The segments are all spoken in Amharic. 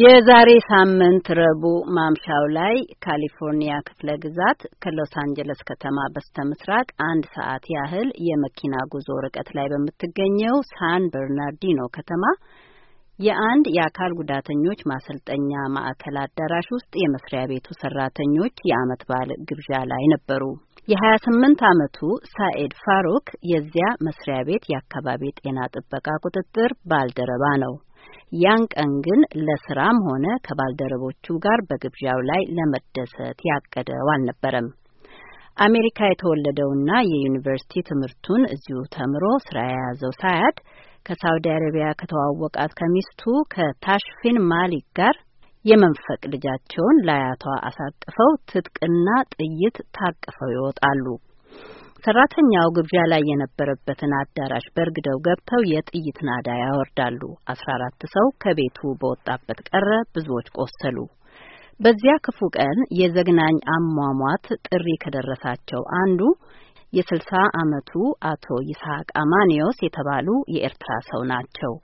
የዛሬ ሳምንት ረቡዕ ማምሻው ላይ ካሊፎርኒያ ክፍለ ግዛት ከሎስ አንጀለስ ከተማ በስተ ምስራቅ አንድ ሰዓት ያህል የመኪና ጉዞ ርቀት ላይ በምትገኘው ሳን በርናርዲኖ ከተማ የአንድ የአካል ጉዳተኞች ማሰልጠኛ ማዕከል አዳራሽ ውስጥ የመስሪያ ቤቱ ሰራተኞች የአመት በዓል ግብዣ ላይ ነበሩ። የ የ28 ዓመቱ ሳኤድ ፋሩክ የዚያ መስሪያ ቤት የአካባቢ ጤና ጥበቃ ቁጥጥር ባልደረባ ነው። ያን ቀን ግን ለስራም ሆነ ከባልደረቦቹ ጋር በግብዣው ላይ ለመደሰት ያቀደው አልነበረም። አሜሪካ የተወለደውና የዩኒቨርሲቲ ትምህርቱን እዚሁ ተምሮ ስራ የያዘው ሳያድ ከሳውዲ አረቢያ ከተዋወቃት ከሚስቱ ከታሽፊን ማሊክ ጋር የመንፈቅ ልጃቸውን ለአያቷ አሳቅፈው ትጥቅና ጥይት ታቅፈው ይወጣሉ። ሰራተኛው ግብዣ ላይ የነበረበትን አዳራሽ በርግደው ገብተው የጥይት ናዳ ያወርዳሉ። አስራ አራት ሰው ከቤቱ በወጣበት ቀረ፣ ብዙዎች ቆሰሉ። በዚያ ክፉ ቀን የዘግናኝ አሟሟት ጥሪ ከደረሳቸው አንዱ የስልሳ ዓመቱ አቶ ይስሐቅ አማኒዮስ የተባሉ የኤርትራ ሰው ናቸው።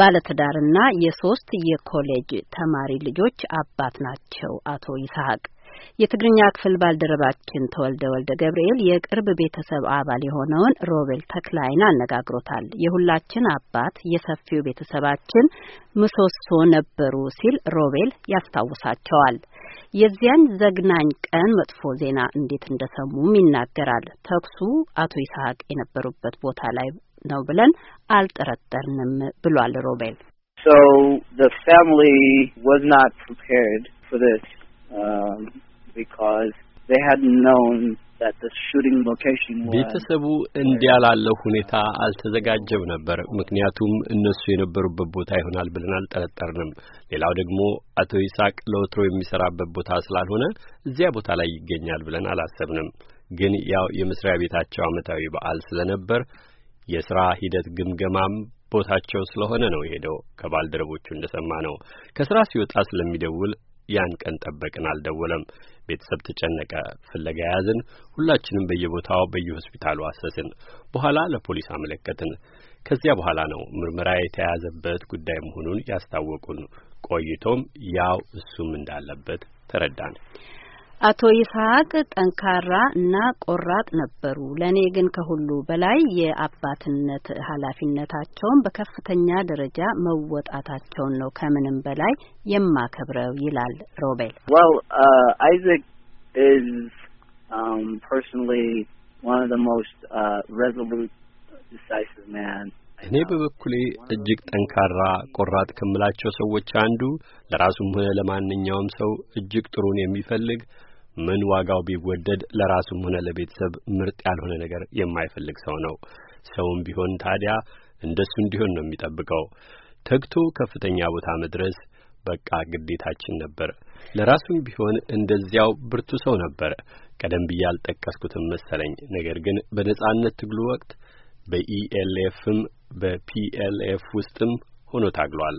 ባለትዳርና የሶስት የኮሌጅ ተማሪ ልጆች አባት ናቸው አቶ ይስሐቅ የትግርኛ ክፍል ባልደረባችን ተወልደ ወልደ ገብርኤል የቅርብ ቤተሰብ አባል የሆነውን ሮቤል ተክላይን አነጋግሮታል። የሁላችን አባት የሰፊው ቤተሰባችን ምሰሶ ነበሩ ሲል ሮቤል ያስታውሳቸዋል። የዚያን ዘግናኝ ቀን መጥፎ ዜና እንዴት እንደሰሙም ይናገራል። ተኩሱ አቶ ይስሐቅ የነበሩበት ቦታ ላይ ነው ብለን አልጠረጠርንም ብሏል ሮቤል። So the family was not prepared for this. Um, because they had known that the shooting location was ቤተሰቡ እንዲያላለው ሁኔታ አልተዘጋጀም ነበር። ምክንያቱም እነሱ የነበሩበት ቦታ ይሆናል ብለን አልጠረጠርንም። ሌላው ደግሞ አቶ ይስሐቅ ለወትሮ የሚሰራበት ቦታ ስላልሆነ እዚያ ቦታ ላይ ይገኛል ብለን አላሰብንም። ግን ያው የመስሪያ ቤታቸው ዓመታዊ በዓል ስለነበር የስራ ሂደት ግምገማም ቦታቸው ስለሆነ ነው የሄደው። ከባልደረቦቹ እንደሰማ ነው ከስራ ሲወጣ ስለሚደውል ያን ቀን ጠበቅን፣ አልደወለም። ቤተሰብ ተጨነቀ፣ ፍለጋ ያዝን። ሁላችንም በየቦታው በየሆስፒታሉ አሰስን። በኋላ ለፖሊስ አመለከትን። ከዚያ በኋላ ነው ምርመራ የተያዘበት ጉዳይ መሆኑን ያስታወቁን። ቆይቶም ያው እሱም እንዳለበት ተረዳን። አቶ ይስሐቅ ጠንካራ እና ቆራጥ ነበሩ። ለእኔ ግን ከሁሉ በላይ የአባትነት ኃላፊነታቸውን በከፍተኛ ደረጃ መወጣታቸውን ነው ከምንም በላይ የማከብረው ይላል ሮቤል። ዋው አይዘክ ኢዝ ፐርሶናሊ ዋን ኦፍ ዘ ሞስት ሬዞሉት ዲሳይሲቭ ማን እኔ በበኩሌ እጅግ ጠንካራ ቆራጥ ከምላቸው ሰዎች አንዱ፣ ለራሱም ሆነ ለማንኛውም ሰው እጅግ ጥሩን የሚፈልግ ምን ዋጋው ቢወደድ ለራሱም ሆነ ለቤተሰብ ምርጥ ያልሆነ ነገር የማይፈልግ ሰው ነው። ሰውም ቢሆን ታዲያ እንደሱ እንዲሆን ነው የሚጠብቀው። ተግቶ ከፍተኛ ቦታ መድረስ በቃ ግዴታችን ነበር። ለራሱም ቢሆን እንደዚያው ብርቱ ሰው ነበር። ቀደም ብዬ አልጠቀስኩትም መሰለኝ። ነገር ግን በነጻነት ትግሉ ወቅት በኢኤልኤፍም በፒኤልኤፍ ውስጥም ሆኖ ታግሏል።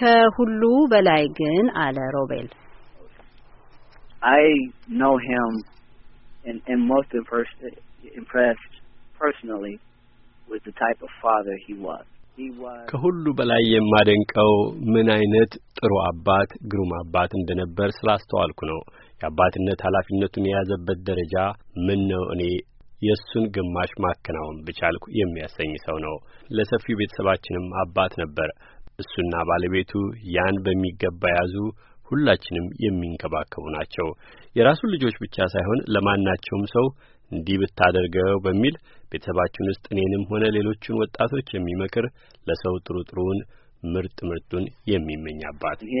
ከሁሉ በላይ ግን አለ ሮቤል I know him and am most impressed, impressed personally with the type of father he was. ከሁሉ በላይ የማደንቀው ምን አይነት ጥሩ አባት ግሩም አባት እንደነበር ስላስተዋልኩ ነው። የአባትነት ኃላፊነቱን የያዘበት ደረጃ ምን ነው እኔ የእሱን ግማሽ ማከናወን ብቻልኩ የሚያሰኝ ሰው ነው። ለሰፊው ቤተሰባችንም አባት ነበር። እሱና ባለቤቱ ያን በሚገባ ያዙ። ሁላችንም የሚንከባከቡ ናቸው። የራሱን ልጆች ብቻ ሳይሆን ለማናቸውም ሰው እንዲህ ብታደርገው በሚል ቤተሰባችን ውስጥ እኔንም ሆነ ሌሎችን ወጣቶች የሚመክር ለሰው ጥሩ ጥሩውን ምርጥ ምርጡን የሚመኝ አባት he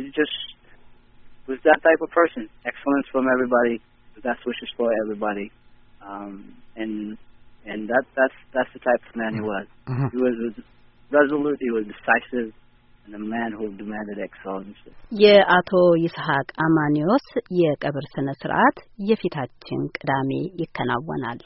uh, um, was that type of person excellence from everybody best wishes for everybody. Um, and and that that's that's the type of man he was. Mm-hmm. He was, resolute. He was decisive. And a man who demanded excellence. የአቶ ይስሐቅ አማኒዮስ የቀብር ስነ ስርዓት የፊታችን ቅዳሜ ይከናወናል።